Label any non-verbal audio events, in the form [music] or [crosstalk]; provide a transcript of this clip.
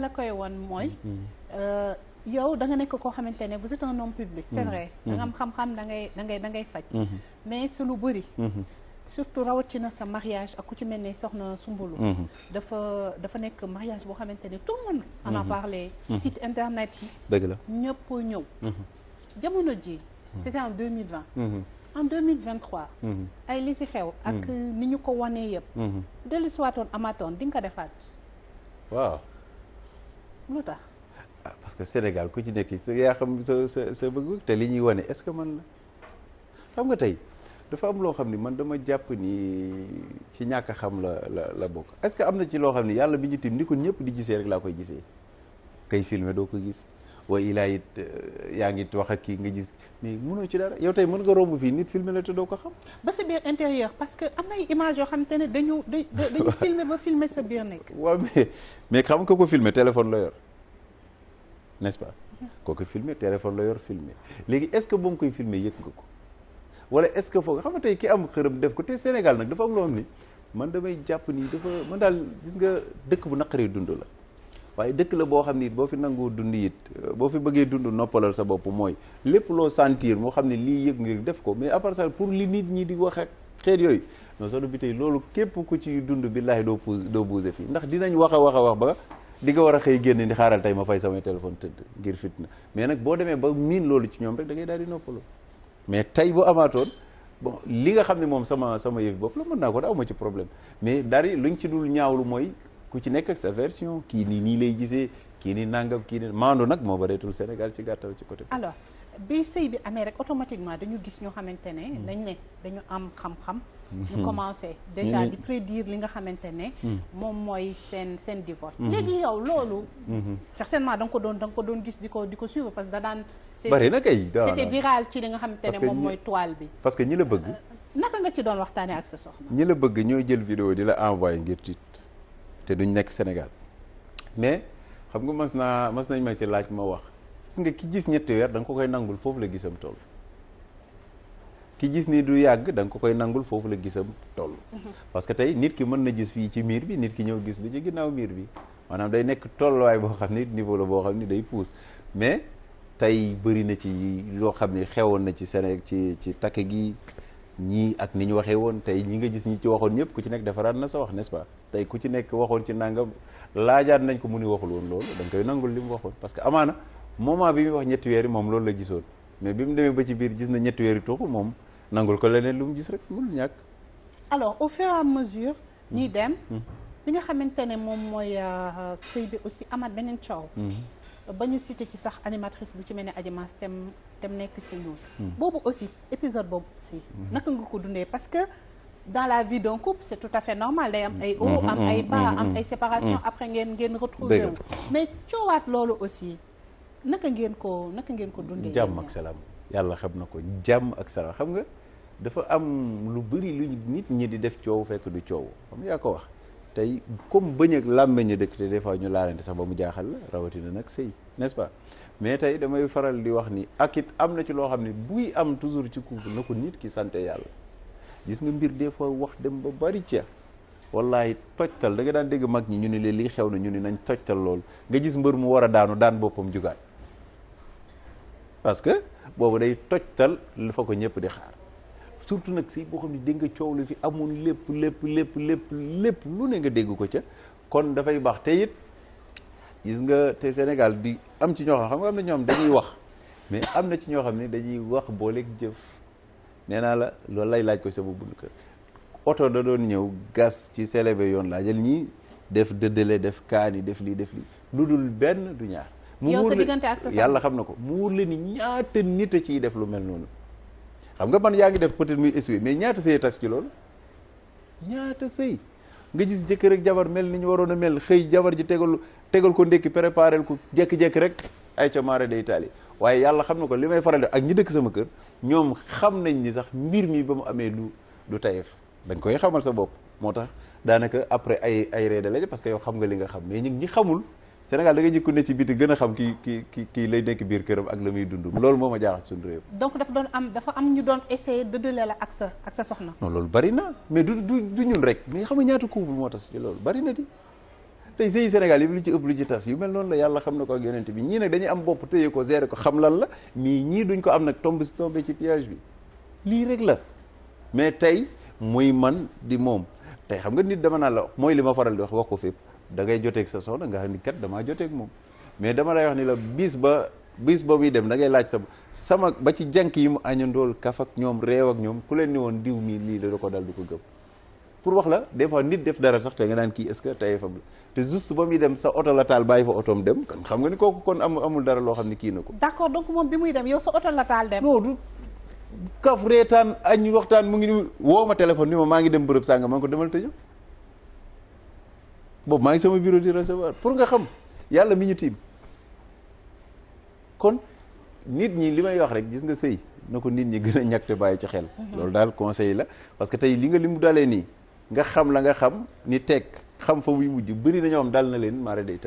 ma la koy woon mooy mm-hmm. euh, yow da nga nekk koo xamante ne vous êtes un homme public c'est mm-hmm. vrai mm-hmm. da am xam-xam da ngay da da ngay faj mais su lu bëri surtout rawatina sa mariage ak ku ci mel ne soxna Sumbulu dafa dafa nekk mariage boo xamante ne tout le monde en site internet yi dëgg la ñëpp ñëw jamono ji c'était en 2020 en 2023 ay li si xew ak ni ñu ko wanee yëpp dellu waatoon amaatoon di ko defaat waaw lu tax. ah parce que Sénégal ku ci nekk sa yaa xam sa sa sa bëgg te li ñuy wane est-ce que man la xam nga tey dafa am loo xam ni man dama jàpp ni ci ñàkk xam la la la bokk est-ce que am na ci loo xam ni yàlla bi ñu tim ni ko ñëpp di gisee rek laa koy gisee kay filmer doo ko gis. wa illah it eh, yaa ngi wax ak kii nga gis mais mënoo ci dara yow tey mën nga fii nit filmer la te ko xam. ba sa biir intérieur parce que am na ay ne dañu dañu [laughs] filmer ba filmer sa biir nekk. waaw mais xam nga ko filmer téléphone la yor n'est-ce pas. Mm-hmm. kooku filmer téléphone la yor filmer léegi est-ce que ba koy filmer yëg nga ko wala est-ce que foog xam nga tey ki am xërëm def ko te Sénégal nag dafa am loo xam ni man damay jàpp nii dafa man daal gis nga dëkk bu naqaree dund la. waaye dëkk la boo xam ni it boo fi nangoo dund it euh, boo fi bëggee dund noppalal sa bopp mooy lépp loo sentir moo xam ne lii yëg ngir def ko mais à part ça pour li nit ñi di wax ak xeet yooyu non bi tey loolu képp ku ci dund billaahi doo pousse doo bougé fii ndax dinañ wax a wax a wax ba di nga war a xëy génn ni xaaral tey ma fay samay téléphone tëdd ngir fitna mais nag boo demee ba miin loolu ci ñoom rek da daal di noppalu mais tey bu amaatoon bon li nga xam ne moom sama sama yëf bopp la mën naa ko da aw ma ci problème mais lu ñu ci dul ñaaw lu mooy ku ci nekk ak sa version kii nii nii lay gisee kii nii nangam kii nii maandu nag moo bareetul Sénégal ci gàttal ci côté. alors bi sëy bi amee rek automatiquement dañu gis ñoo xamante ne. Hmm. dañ ne dañu am xam-xam. Hmm. ñu commencé hmm. déjà di prédire li nga xamante ne. moom mooy seen seen divorce. léegi yow loolu. certainement da nga ko doon da ko doon gis di ko di ko suivre parce que da daan. bari na kay c'était viral ci li nga xamante ne moom mooy toile bi. parce que ñi la bëgg. Euh, a nga ci doon waxtaanee ak sa soxna. ñi la bëgg ñoo jël vidéo di la envoyé ngir te duñ nekk Sénégal mais xam nga mas naa mas nañ ma ci laaj ma wax gis nga ki gis ñetti weer danga ko koy nangul foofu la gisam toll ki gis ni du yàgg da ko koy nangul foofu la gisam toll parce que tey nit ki mën na gis fii ci miir bi nit ki ñëw gis li ci ginnaaw miir bi maanaam day nekk tolluwaay boo xam ni niveau la boo xam ni day puus mais tey bëri na ci loo xam ne xewoon na ci Sénégal ci ci takk gi ñii ak ni ñu waxee woon tey ñi nga gis ñi ci waxoon ñëpp ku ci nekk defaraat na sa wax n'est-ce pas tey ku ci nekk waxoon ci nangam laajaat nañ ko mu ni waxul woon loolu da koy nangul li mu waxoon parce que amaana moment bi muy wax ñetti weer moom loolu la gisoon mais bi mu demee ba ci biir gis na ñetti weer yi tuuxu moom nangul ko leneen lu mu gis rek mënul ñàkk alors au fur et à mesure mm. ñuy dem bi mm. nga xamante ne moom mooy euh, sëy bi aussi amaat beneen coow mm-hmm. ba ñu cité ci sax animatrice bu ci mel ne Adja Mass tem tem nekk si ñun. Hmm. boobu aussi épisode boobu aussi. Hmm. naka nga ko dundee parce que dans la vie d'un couple c'est tout à fait normal day am ay hauts hmm. am ay bas am ay séparation après ngeen ngeen retrouver wu mais coowaat loolu aussi naka ngeen ko naka ngeen ko dundee. jàmm ak salaam yàlla xam na ko jàmm ak salaam xam nga dafa am lu bëri lu nit ñi di def coow fekk du coow xam nga ko wax. tey comme bëñ ak làmmiñ dëkk te des fois ñu laalante sax ba mu jaaxal la rawatina nag sëy nest pas mais tey damay faral di wax ni ak it am na ci loo xam ne buy am toujours ci couple na ko nit ki sant yàlla gis nga mbir des fois wax dem ba bari ca wallahi tojtal da nga daan dégg mag ñi ñu ni leen lii xew na ñu ni nañ tojtal loolu nga gis mbër mu war a daanu daan boppam jugaat parce que boobu day tojtal li fa ko ñëpp di xaar surtout nag si boo xam ne dégg coow lu fi amoon lépp lépp lépp lépp lépp lu ne nga dégg ko ca kon dafay baax te it gis nga te Sénégal di am ci ñoo xam nga am na dañuy wax mais am na ci ñoo xam ne dañuy wax booleeg jëf nee naa la loolu lay laaj ko sama bunt kër oto da doon ñëw gas ci célébré yoon laajal ñii def dëddale def kaani def lii def lii lu dul benn du ñaar. mu wóor la yàlla xam na ko mu wóor la ni ñaata nit a ciy def lu mel noonu. xam nga man yaa ngi def peut-être muy essuyer mais ñaata sëy tas ci loolu ñaata sëy nga gis jëkkër ak jabar mel ni ñu waroon a mel xëy jabar ji tegal tegal ko ndékki préparel ko jékki-jékki rek ay ca maara day taali waaye yàlla xam na ko li may faral ak ñi dëkk sama kër ñoom xam nañ ni sax mbir mi ba mu amee du du tayef dañ koy xamal sa bopp moo tax daanaka après ay ay réedale parce que yow xam nga li nga xam mais ñi ñi xamul Sénégal da nga jikku ne ci biti gën a xam ki ki ki kii lay nekk biir këram ak la muy dund loolu moo ma jaaxal suñu réew donc dafa doon am dafa am ñu doon essayer dëddale la ak sa ak sa soxna loolu bari na mais du du du ñun rek mais xam nga ñaata couple moo tas ci loolu bari na di tey sëy yi lu ci ëpp lu ci tas yu mel noonu la yàlla xam na ko ak yonent bi ñii nag am bopp téye ko gérer ko xam lan la mais ñii duñ ko am nag tomb si tombé ci piège bi lii rek la mais tey muy man di moom tey xam nga nit dama naa la mooy li ma faral di wax wax ko fépp da ngay joteeg sa soxna nga xam ni kat damaa joteeg moom mais dama lay wax ni la bis ba bis ba muy dem da ngay laaj sa sama ba ci jànk yi mu añandool kaf ak ñoom réew ak ñoom ku leen ni woon diw mii lii la da ko dal du ko gëm pour wax la des fois nit def dara sax te nga naan kii est-ce que tey fam la te juste ba muy dem sa oto la taal bàyyi fa otoom dem kon xam nga ni kooku kon amul amul dara loo xam ne kii na ko. d'accord donc moom bi muy dem yow sa oto la taal dem. non waxtaan mu ngi ni woo ma maa ngi dem bërëb sànga ma ko demal tëjoo. boobu maa ngi sama bureau di recevoir pour nga xam yàlla mi ñu tiim kon nit ñi li may wax rek gis nga sëy na ko nit ñi gën a ñàkk te bàyyi ci xel. Mhm. loolu daal conseil la parce que tey li nga li mu dalee nii nga xam la nga xam ni teg xam fa muy mujj bari na ñoom dal na leen maare day